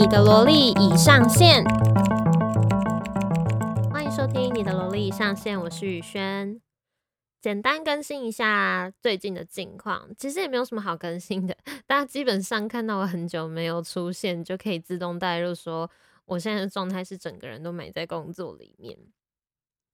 你的蘿莉已上線，歡迎收聽你的蘿莉已上線，我是雨瑄。簡單更新一下最近的近況，其實也沒有什麼好更新的。大家基本上看到我很久沒有出現，就可以自動帶入說，說我現在的狀態是整個人都埋在工作裡面。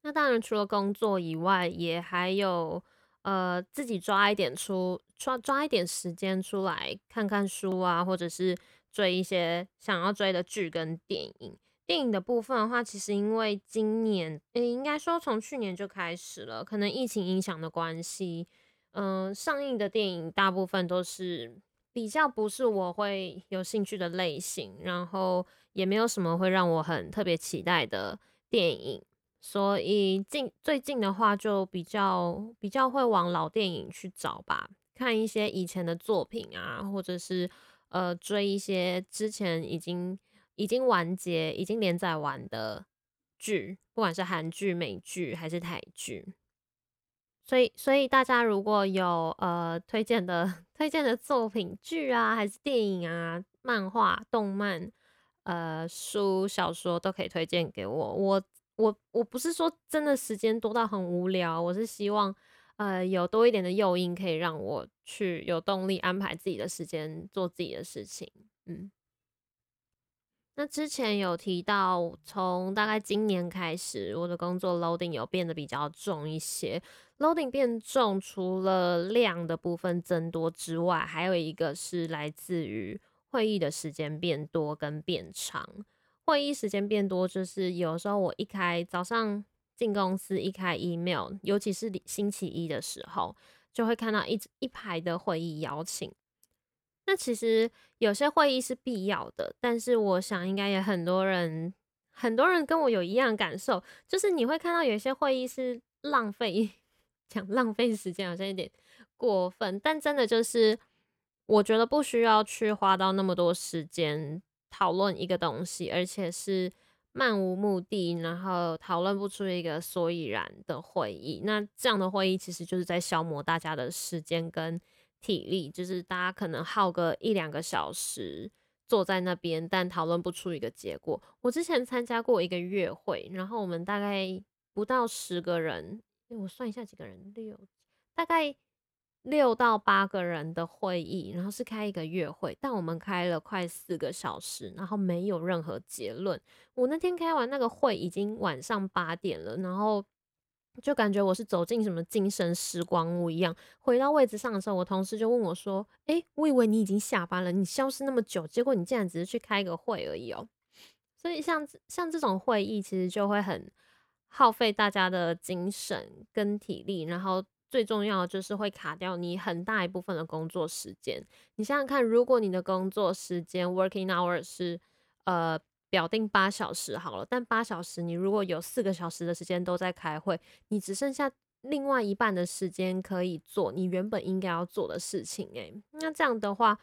那當然，除了工作以外，也還有呃自己抓一點出抓抓一點時間出來看看書啊，或者是。追一些想要追的劇跟電影，電影的部分的話，其實因為今年，欸，應該說從去年就開始了，可能疫情影響的關係，嗯，上映的電影大部分都是比較不是我會有興趣的類型，然後也沒有什麼會讓我很特別期待的電影，所以近最近的話就比較比較會往老電影去找吧，看一些以前的作品啊，或者是。呃，追一些之前已經已經完結、已經連載完的劇，不管是韓劇、美劇還是台劇，所以所以大家如果有呃推薦的推薦的作品劇啊，還是電影啊、漫畫、動漫、呃書、小說都可以推薦給我。我我我不是說真的時間多到很無聊，我是希望。呃，有多一點的誘因，可以讓我去有動力安排自己的時間做自己的事情。嗯，那之前有提到，從大概今年開始，我的工作 loading 有變得比較重一些。loading 變重，除了量的部分增多之外，還有一個是來自於會議的時間變多跟變長。會議時間變多，就是有時候我一開早上。進公司一開 email，尤其是你星期一的時候，就會看到一一排的會議邀請。那其實有些會議是必要的，但是我想應該也很多人，很多人跟我有一樣感受，就是你會看到有些會議是浪費，講浪費時間，好像有點過分，但真的就是我覺得不需要去花到那麼多時間討論一個東西，而且是。漫無目的，然後討論不出一個所以然的會議，那這樣的會議其實就是在消磨大家的時間跟體力，就是大家可能耗個一兩個小時坐在那邊，但討論不出一個結果。我之前參加過一個月會，然後我們大概不到十個人，哎，我算一下幾個人，六，大概。六到八個人的會議，然後是開一個月會，但我們開了快四個小時，然後沒有任何結論。我那天開完那個會已經晚上八點了，然後就感覺我是走進什麼精神時光屋一樣。回到位置上的時候，我同事就問我說：“誒、欸，我以為你已經下班了，你消失那麼久，結果你竟然只是去開個會而已哦、喔。”所以像，像像這種會議，其實就會很耗費大家的精神跟體力，然後。最重要的就是會卡掉你很大一部分的工作時間。你想想看，如果你的工作時間 （working hours） 是呃表定八小時好了，但八小時你如果有四個小時的時間都在開會，你只剩下另外一半的時間可以做你原本應該要做的事情。誒，那這樣的話，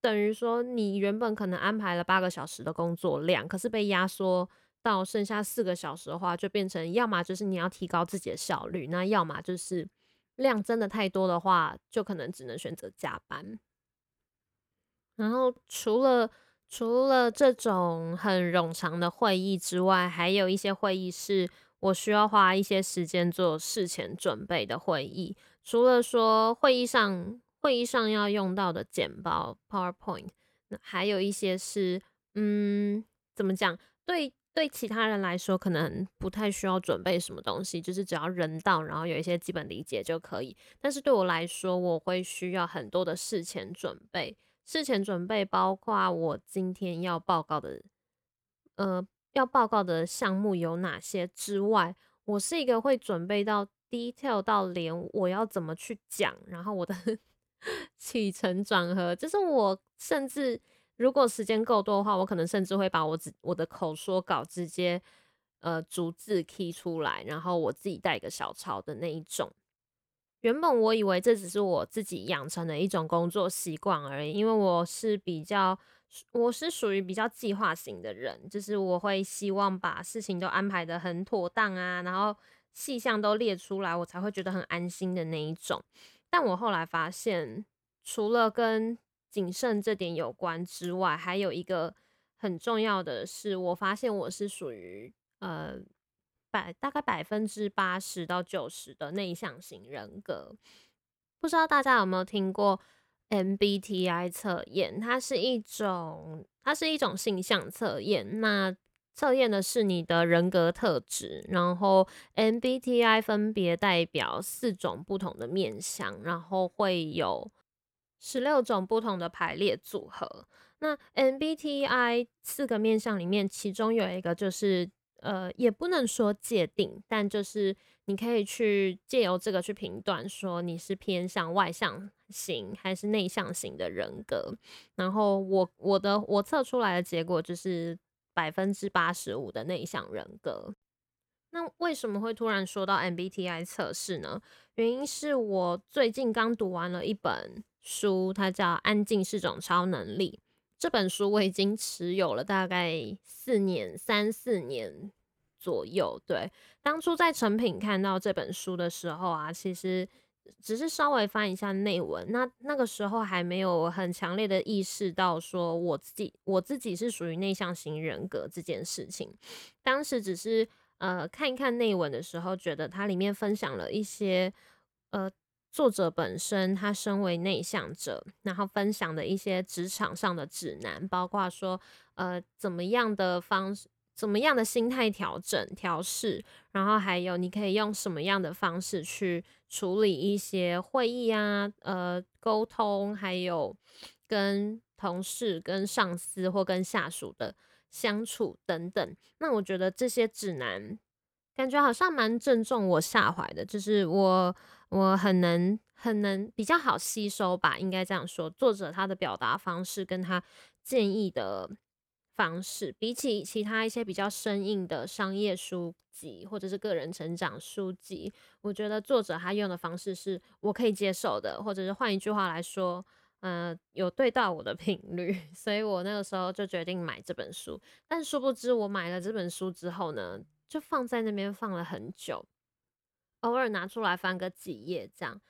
等於說你原本可能安排了八個小時的工作量，可是被壓縮到剩下四個小時的話，就變成要麼就是你要提高自己的效率，那要麼就是。量真的太多的話，就可能只能選擇加班。然後除了除了這種很冗長的會議之外，還有一些會議是我需要花一些時間做事前準備的會議。除了說會議上會議上要用到的簡報、PowerPoint，那還有一些是嗯，怎麼講，對？對其他人來說，可能不太需要準備什麼東西，就是只要人到，然後有一些基本理解就可以。但是對我來說，我會需要很多的事前準備。事前準備包括我今天要報告的，呃，要報告的項目有哪些之外，我是一個會準備到 detail 到連我要怎麼去講，然後我的 起承轉合，就是我甚至。如果時間夠多的話，我可能甚至會把我直我的口說稿直接呃逐字 key 出來，然後我自己帶個小抄的那一種。原本我以為這只是我自己養成的一種工作習慣而已，因為我是比較我是屬於比較計劃型的人，就是我會希望把事情都安排得很妥當啊，然後細項都列出來，我才會覺得很安心的那一種。但我後來發現，除了跟謹慎這點有關之外，還有一個很重要的是，我發現我是屬於呃百大概百分之八十到九十的內向型人格。不知道大家有沒有聽過 MBTI 測驗？它是一種它是一種性向測驗，那測驗的是你的人格特質。然後 MBTI 分別代表四種不同的面向，然後會有。十六種不同的排列組合。那 MBTI 四個面向裡面，其中有一個就是呃，也不能說界定，但就是你可以去借由這個去評斷，說你是偏向外向型還是內向型的人格。然後我我的我測出來的結果就是百分之八十五的內向人格。那為什麼會突然說到 MBTI 測試呢？原因是我最近剛讀完了一本。書它叫《安靜是種超能力》，這本書我已經持有了大概四年三四年左右。對，當初在誠品看到這本書的時候啊，其實只是稍微翻一下內文，那那個時候還沒有很強烈的意識到說我自己我自己是屬於內向型人格這件事情。當時只是呃看一看內文的時候，覺得它裡面分享了一些呃。作者本身，他身為內向者，然後分享的一些職場上的指南，包括說，呃，怎麼樣的方式，怎麼樣的心態調整調適，然後還有你可以用什麼樣的方式去處理一些會議啊，呃，溝通，還有跟同事、跟上司或跟下屬的相處等等。那我覺得這些指南。感覺好像蠻正中我下懷的，就是我我很能很能比較好吸收吧，應該這樣說。作者他的表達方式跟他建議的方式，比起其他一些比較生硬的商業書籍或者是個人成長書籍，我覺得作者他用的方式是我可以接受的，或者是換一句話來說，呃，有對到我的頻率，所以我那個時候就決定買這本書。但殊不知，我買了這本書之後呢，就放在那邊放了很久，偶爾拿出來翻個幾頁這樣。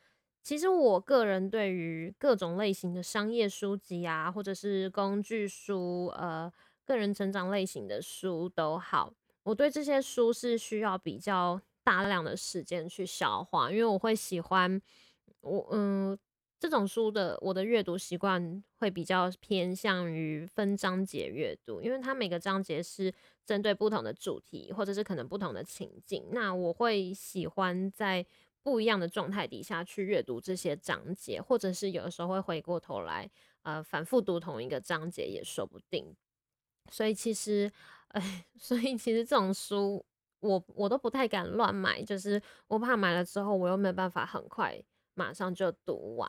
其實我個人對於各種類型的商業書籍啊，或者是工具書、呃，個人成長類型的書都好，我對這些書是需要比較大量的時間去消化，因為我會喜歡我嗯。這種書的，我的閱讀習慣會比較偏向於分章節閱讀，因為它每個章節是針對不同的主題，或者是可能不同的情景。那我會喜歡在不一樣的狀態底下去閱讀這些章節，或者是有的時候會回過頭來，呃，反復讀同一個章節也說不定。所以其實，哎、呃，所以其實這種書，我我都不太敢亂買，就是我怕買了之後我又沒有辦法很快。馬上就讀完，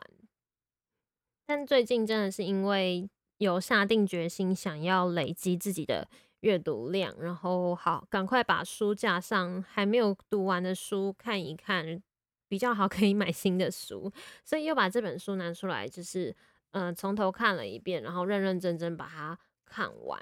但最近真的是因為有下定決心，想要累積自己的閱讀量，然後好趕快把書架上還沒有讀完的書看一看，比較好可以買新的書，所以又把這本書拿出來，就是嗯、呃、從頭看了一遍，然後認認真真把它看完。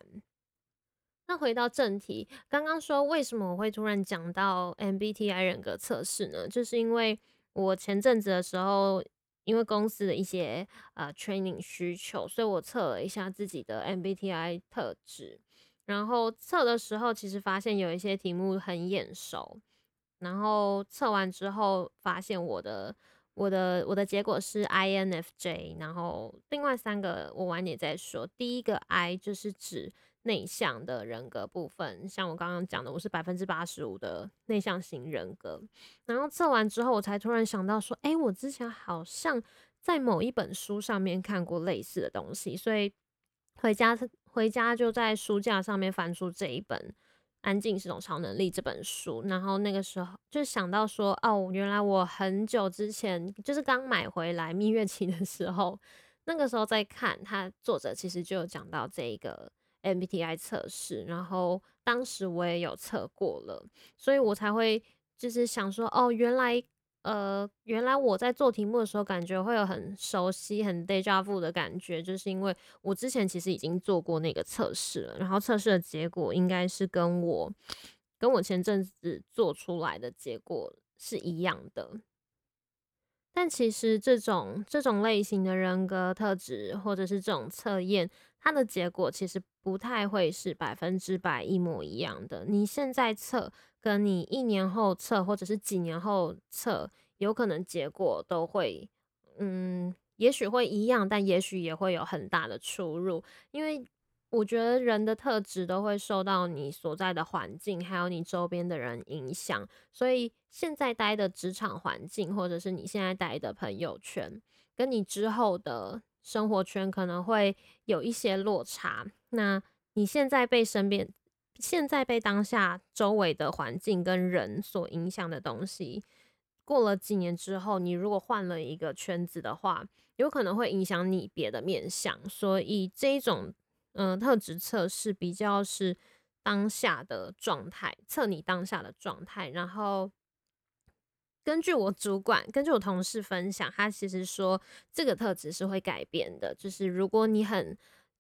那回到正題，剛剛說為什麼我會突然講到 MBTI 人格測試呢？就是因為。我前陣子的時候，因為公司的一些呃 training 需求，所以我測了一下自己的 MBTI 特質。然後測的時候，其實發現有一些題目很眼熟。然後測完之後，發現我的我的我的結果是 INFJ。然後另外三個我晚點再說。第一個 I 就是指。內向的人格部分，像我剛剛講的，我是百分之八十五的內向型人格。然後測完之後，我才突然想到說，哎、欸，我之前好像在某一本書上面看過類似的東西。所以回家，回家就在書架上面翻出這一本《安靜是種超能力》這本書。然後那個時候就想到說，哦，原來我很久之前，就是剛買回來蜜月期的時候，那個時候在看，他作者其實就有講到這一個。MBTI 測試，然後當時我也有測過了，所以我才會就是想說，哦，原來，呃，原來我在做題目的時候，感覺會有很熟悉、很 déjà vu 的感覺，就是因為我之前其實已經做過那個測試了，然後測試的結果應該是跟我跟我前陣子做出來的結果是一樣的。但其實這種這種類型的人格特質，或者是這種測驗。它的結果其實不太會是百分之百一模一樣的。你現在測，跟你一年後測，或者是幾年後測，有可能結果都會，嗯，也許會一樣，但也許也會有很大的出入。因為我覺得人的特質都會受到你所在的環境，還有你周邊的人影響。所以現在待的職場環境，或者是你現在待的朋友圈，跟你之後的。生活圈可能會有一些落差。那你現在被身邊、現在被當下周圍的環境跟人所影響的東西，過了幾年之後，你如果換了一個圈子的話，有可能會影響你別的面向。所以這一種嗯、呃、特質測試比較是當下的狀態，測你當下的狀態，然後。根據我主管，根據我同事分享，他其實說，這個特質是會改變的。就是如果你很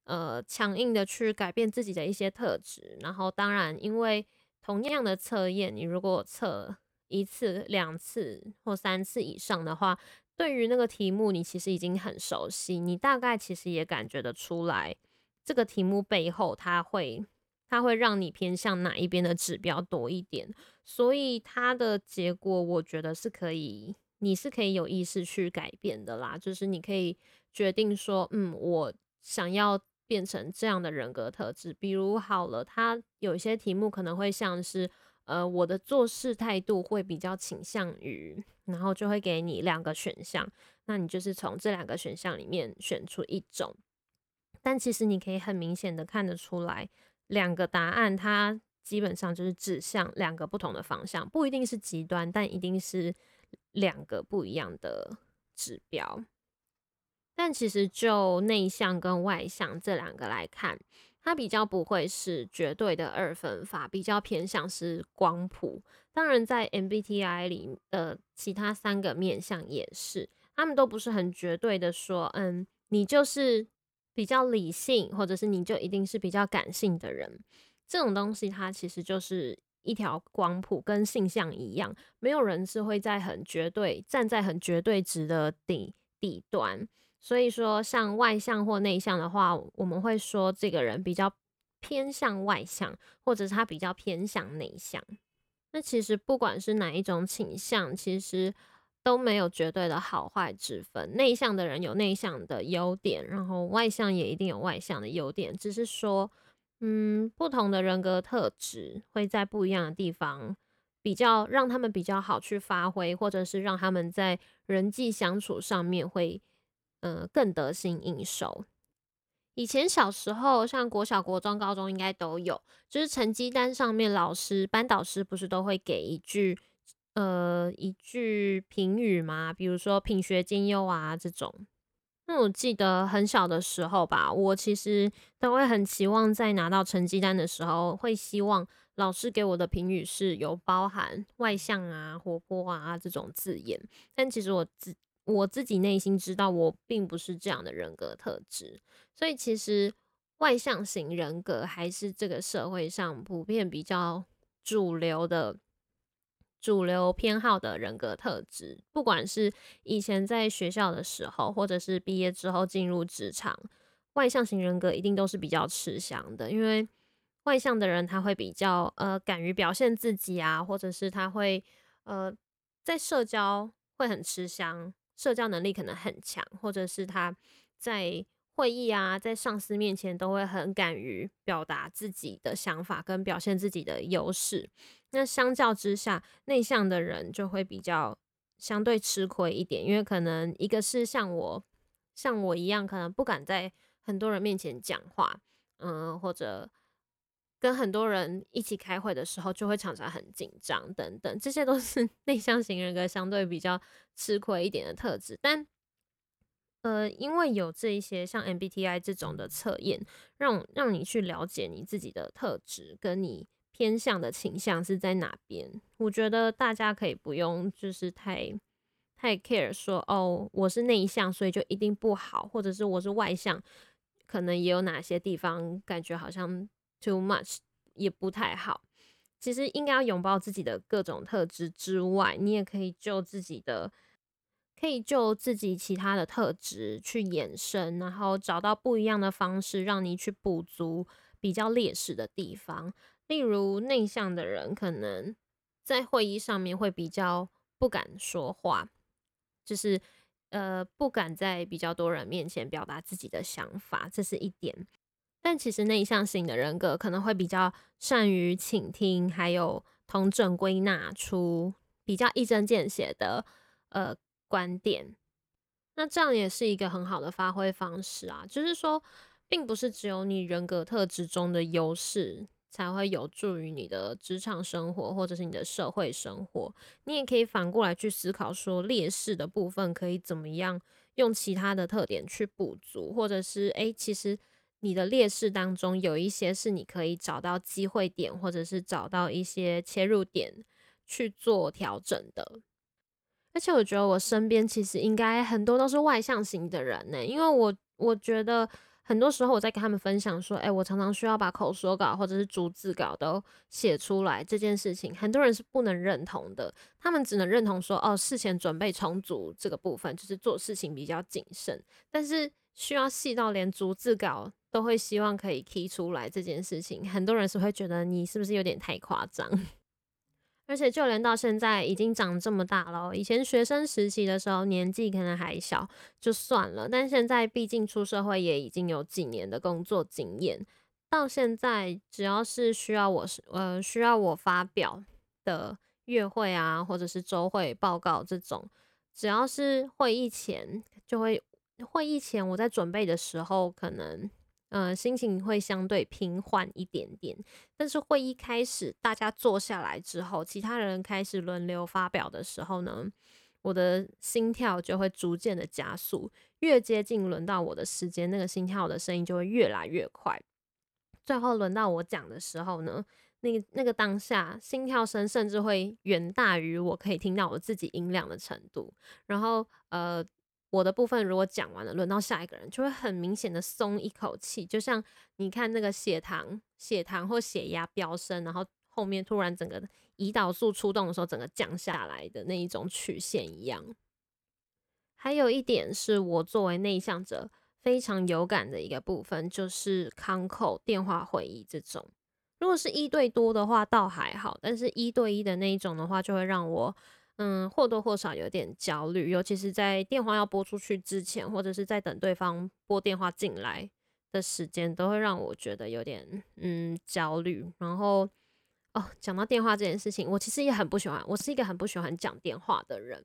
呃強硬的去改變自己的一些特質，然後當然，因為同樣的測驗，你如果測一次、兩次或三次以上的話，對於那個題目你其實已經很熟悉，你大概其實也感覺得出來，這個題目背後它會它會讓你偏向哪一邊的指標多一點。所以它的結果，我覺得是可以，你是可以有意識去改變的啦。就是你可以決定說，嗯，我想要變成這樣的人格特質。比如好了，它有一些題目可能會像是，呃，我的做事態度會比較傾向於，然後就會給你兩個選項，那你就是從這兩個選項裡面選出一種。但其實你可以很明顯的看得出來，兩個答案它。基本上就是指向兩個不同的方向，不一定是極端，但一定是兩個不一樣的指標。但其實就內向跟外向這兩個來看，它比較不會是絕對的二分法，比較偏向是光譜。當然，在 MBTI 裡，呃，其他三個面向也是，他們都不是很絕對的說，嗯，你就是比較理性，或者是你就一定是比較感性的人。這種東西它其實就是一條光譜，跟性向一樣，沒有人是會在很絕對站在很絕對值的底底端。所以說，像外向或內向的話，我們會說這個人比較偏向外向，或者他比較偏向內向。那其實不管是哪一種傾向，其實都沒有絕對的好壞之分。內向的人有內向的優點，然後外向也一定有外向的優點，只是說。嗯，不同的人格特質會在不一樣的地方比較讓他們比較好去發揮，或者是讓他們在人際相處上面會，嗯，呃，更得心應手。以前小時候，像國小、國中、高中應該都有，就是成績單上面老師、班導師不是都會給一句，呃，一句評語嘛，比如說品學兼優啊這種。那我記得很小的時候吧，我其實都會很期望在拿到成績單的時候，會希望老師給我的評語是有包含外向啊、活潑啊這種字眼。但其實我自我自己內心知道，我並不是這樣的人格特質。所以其實外向型人格還是這個社會上普遍比較主流的。主流偏好的人格特質，不管是以前在學校的時候，或者是畢業之後進入職場，外向型人格一定都是比較吃香的。因為外向的人他會比較呃敢於表現自己啊，或者是他會呃在社交會很吃香，社交能力可能很強，或者是他在會議啊，在上司面前都會很敢於表達自己的想法跟表現自己的優勢。那相較之下，內向的人就會比較相對吃虧一點，因為可能一個是像我像我一樣，可能不敢在很多人面前講話，嗯、呃，或者跟很多人一起開會的時候，就會常常很緊張等等，這些都是內向型人格相對比較吃虧一點的特質。但，呃，因為有這一些像 MBTI 這種的測驗，讓讓你去了解你自己的特質跟你。偏向的傾向是在哪邊？我覺得大家可以不用就是太太 care 說哦，我是內向，所以就一定不好，或者是我是外向，可能也有哪些地方感覺好像 too much，也不太好。其實應該要擁抱自己的各種特質之外，你也可以就自己的，可以就自己其他的特質去衍生，然後找到不一樣的方式，讓你去補足比較劣勢的地方。例如內向的人可能在會議上面會比較不敢說話，就是呃不敢在比較多人面前表達自己的想法，這是一點。但其實內向型的人格可能會比較善於傾聽，還有統整歸納出比較一針見血的呃觀點。那這樣也是一個很好的發揮方式啊，就是說並不是只有你人格特質中的優勢。才會有助於你的職場生活，或者是你的社會生活。你也可以反過來去思考，說劣勢的部分可以怎麼樣用其他的特點去補足，或者是誒，其實你的劣勢當中有一些是你可以找到機會點，或者是找到一些切入點去做調整的。而且我覺得我身邊其實應該很多都是外向型的人呢，因為我我覺得。很多時候我在跟他們分享說，哎、欸，我常常需要把口說稿或者是逐字稿都寫出來這件事情，很多人是不能認同的。他們只能認同說，哦，事前準備充足這個部分，就是做事情比較謹慎。但是需要細到連逐字稿都會希望可以 key 出來這件事情，很多人是會覺得你是不是有點太誇張？而且就連到現在已經長這麼大了，以前學生時期的時候年紀可能還小就算了，但現在畢竟出社會也已經有幾年的工作經驗，到現在只要是需要我是呃需要我發表的月會啊，或者是週會報告這種，只要是會議前就會，會議前我在準備的時候可能。呃，心情會相對平緩一點點，但是會議開始，大家坐下來之後，其他人開始輪流發表的時候呢，我的心跳就會逐漸的加速，越接近輪到我的時間，那個心跳的聲音就會越來越快，最後輪到我講的時候呢，那個那個當下心跳聲甚至會遠大於我可以聽到我自己音量的程度，然後呃。我的部分如果講完了，輪到下一個人就會很明顯的鬆一口氣，就像你看那個血糖、血糖或血壓飆升，然後後面突然整個胰島素出動的時候，整個降下來的那一種曲線一樣。還有一點是我作為內向者非常有感的一個部分，就是康扣電話會議這種，如果是一對多的話倒還好，但是一對一的那一種的話，就會讓我。嗯，或多或少有點焦慮，尤其是在電話要撥出去之前，或者是在等對方撥電話進來的時間，都會讓我覺得有點嗯焦慮。然後哦，講到電話這件事情，我其實也很不喜歡。我是一個很不喜歡講電話的人。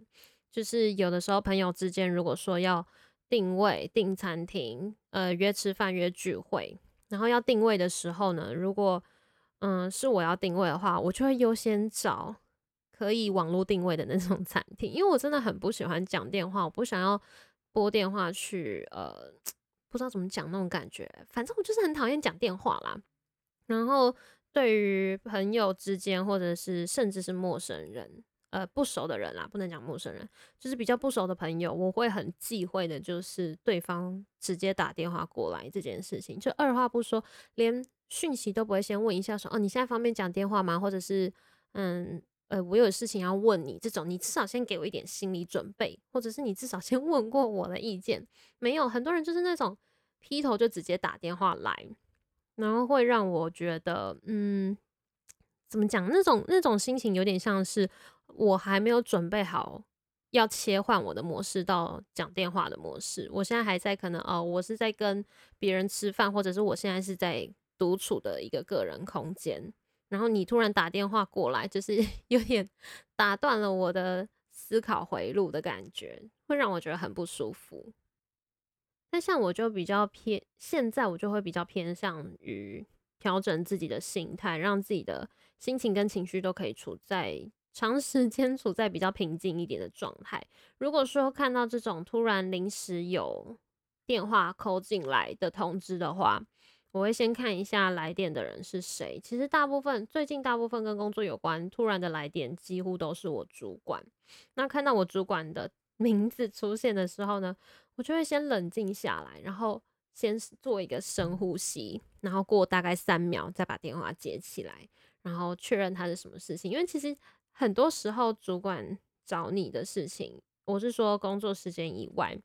就是有的時候朋友之間如果說要訂位、訂餐廳、呃約吃飯、約聚會，然後要訂位的時候呢，如果嗯是我要訂位的話，我就會優先找。可以網絡定位的那種餐廳，因為我真的很不喜歡講電話，我不想要撥電話去，呃，不知道怎麼講那種感覺，反正我就是很討厭講電話啦。然後對於朋友之間，或者是甚至是陌生人，呃，不熟的人啦，不能講陌生人，就是比較不熟的朋友，我會很忌諱的，就是對方直接打電話過來這件事情，就二話不說，連訊息都不會先問一下說哦，你現在方便講電話嗎？或者是嗯。呃，我有事情要問你，這種你至少先給我一點心理準備，或者是你至少先問過我的意見。沒有，很多人就是那種劈頭就直接打電話來，然後會讓我覺得，嗯，怎麼講？那種那種心情有點像是我還沒有準備好要切換我的模式到講電話的模式，我現在還在可能哦，呃，我是在跟別人吃飯，或者是我現在是在獨處的一個個人空間。然後你突然打電話過來，就是有點打斷了我的思考回路的感覺，會讓我覺得很不舒服。但像我就比較偏，現在我就會比較偏向於調整自己的心態，讓自己的心情跟情緒都可以處在長時間處在比較平靜一點的狀態。如果說看到這種突然臨時有電話扣進來的通知的話，我會先看一下來電的人是誰。其實大部分最近大部分跟工作有關突然的來電，幾乎都是我主管。那看到我主管的名字出現的時候呢，我就會先冷靜下來，然後先做一個深呼吸，然後過大概三秒再把電話接起來，然後確認他是什麼事情。因為其實很多時候主管找你的事情，我是說工作時間以外，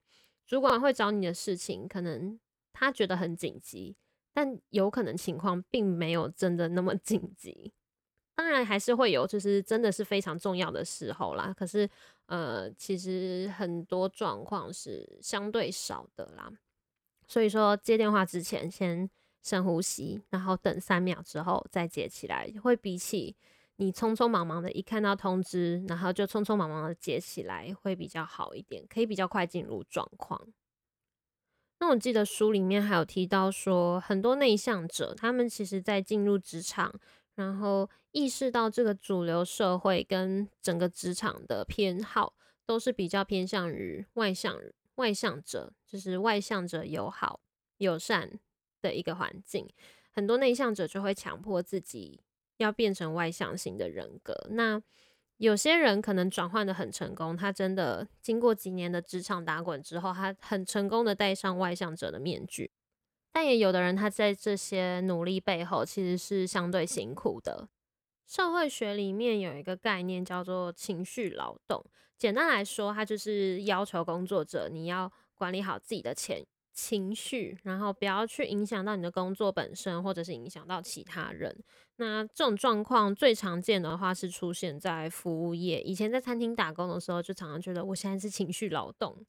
主管會找你的事情，可能他覺得很緊急。但有可能情況並沒有真的那麼緊急，當然還是會有，就是真的是非常重要的時候啦。可是，呃，其實很多狀況是相對少的啦。所以說，接電話之前先深呼吸，然後等三秒之後再接起來，會比起你匆匆忙忙的一看到通知，然後就匆匆忙忙的接起來，會比較好一點，可以比較快進入狀況。那我記得書裡面還有提到說，很多內向者，他們其實在進入職場，然後意識到這個主流社會跟整個職場的偏好，都是比較偏向於外向外向者，就是外向者友好友善的一個環境，很多內向者就會強迫自己要變成外向型的人格。那有些人可能轉換得很成功，他真的經過幾年的職場打滾之後，他很成功的戴上外向者的面具。但也有的人，他在這些努力背後其實是相對辛苦的。社會學裡面有一個概念叫做情緒勞動，簡單來說，它就是要求工作者你要管理好自己的情緒。情緒，然後不要去影響到你的工作本身，或者是影響到其他人。那這種狀況最常見的話是出現在服務業。以前在餐廳打工的時候，就常常覺得我現在是情緒勞動，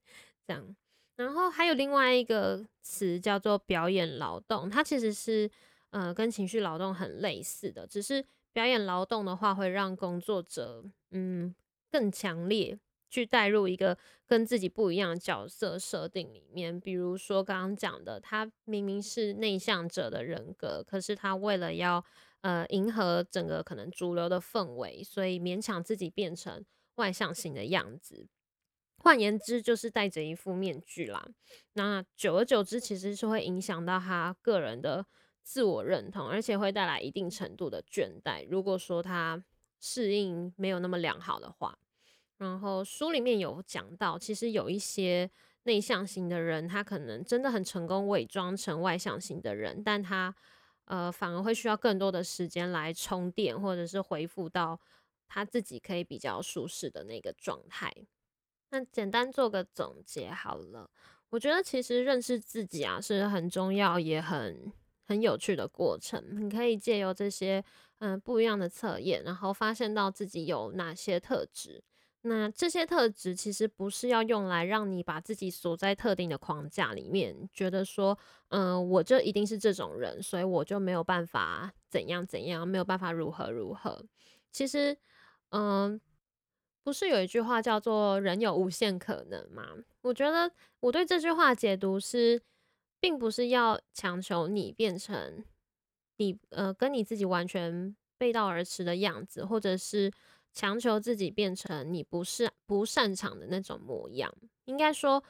這樣。然後還有另外一個詞叫做表演勞動，它其實是呃跟情緒勞動很類似的，只是表演勞動的話會讓工作者嗯更強烈。去帶入一個跟自己不一樣的角色設定裡面，比如說剛剛講的，他明明是內向者的人格，可是他為了要呃迎合整個可能主流的氛圍，所以勉強自己變成外向型的樣子。換言之，就是戴着一副面具啦。那久而久之，其實是會影響到他個人的自我認同，而且會帶來一定程度的倦怠。如果說他適應沒有那麼良好的話，然後書裡面有講到，其實有一些內向型的人，他可能真的很成功偽裝成外向型的人，但他呃反而會需要更多的時間來充電，或者是恢復到他自己可以比較舒適的那個狀態。那簡單做個總結好了，我覺得其實認識自己啊是很重要，也很很有趣的過程。你可以借由這些嗯、呃、不一樣的測驗，然後發現到自己有哪些特質。那這些特質其實不是要用來讓你把自己鎖在特定的框架裡面，覺得說，嗯、呃，我就一定是這種人，所以我就沒有辦法怎樣怎樣，沒有辦法如何如何。其實，嗯、呃，不是有一句話叫做“人有無限可能”嗎？我覺得我對這句話解讀是，並不是要強求你變成你，呃，跟你自己完全背道而馳的樣子，或者是。強求自己變成你不是不擅長的那種模樣，應該說，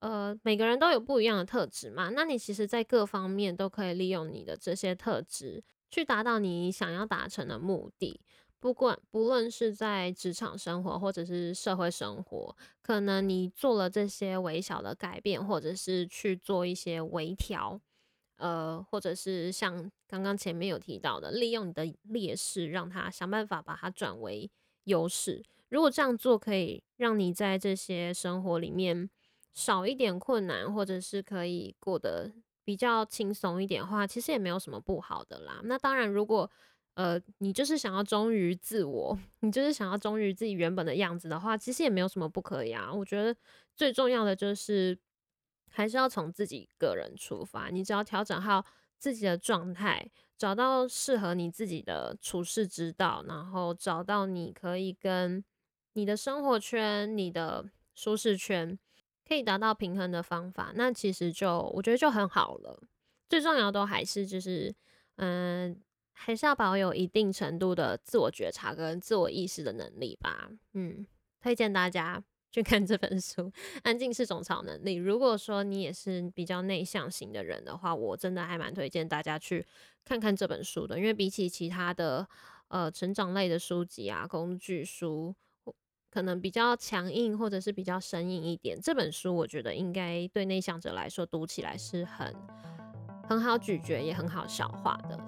呃，每個人都有不一樣的特質嘛。那你其實在各方面都可以利用你的這些特質，去達到你想要達成的目的。不管不論是在職場生活，或者是社會生活，可能你做了這些微小的改變，或者是去做一些微調。呃，或者是像剛剛前面有提到的，利用你的劣勢，讓他想辦法把它轉為優勢。如果這樣做可以讓你在這些生活裡面少一點困難，或者是可以過得比較輕鬆一點的話，其實也沒有什麼不好的啦。那當然，如果呃你就是想要忠於自我，你就是想要忠於自己原本的樣子的話，其實也沒有什麼不可以啊。我覺得最重要的就是。還是要從自己個人出發，你只要調整好自己的狀態，找到適合你自己的處事之道，然後找到你可以跟你的生活圈、你的舒適圈可以達到平衡的方法，那其實就我覺得就很好了。最重要的都還是就是，嗯，還是要保有一定程度的自我覺察跟自我意識的能力吧。嗯，推薦大家。去看這本書，《安靜是種超能力》。如果說你也是比較內向型的人的話，我真的還蠻推薦大家去看看這本書的，因為比起其他的呃成長類的書籍啊、工具書，可能比較強硬或者是比較生硬一點，這本書我覺得應該對內向者來說讀起來是很很好咀嚼也很好消化的。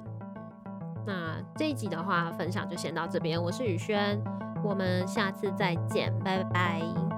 那這一集的話，分享就先到這邊，我是雨瑄，我們下次再見，拜拜。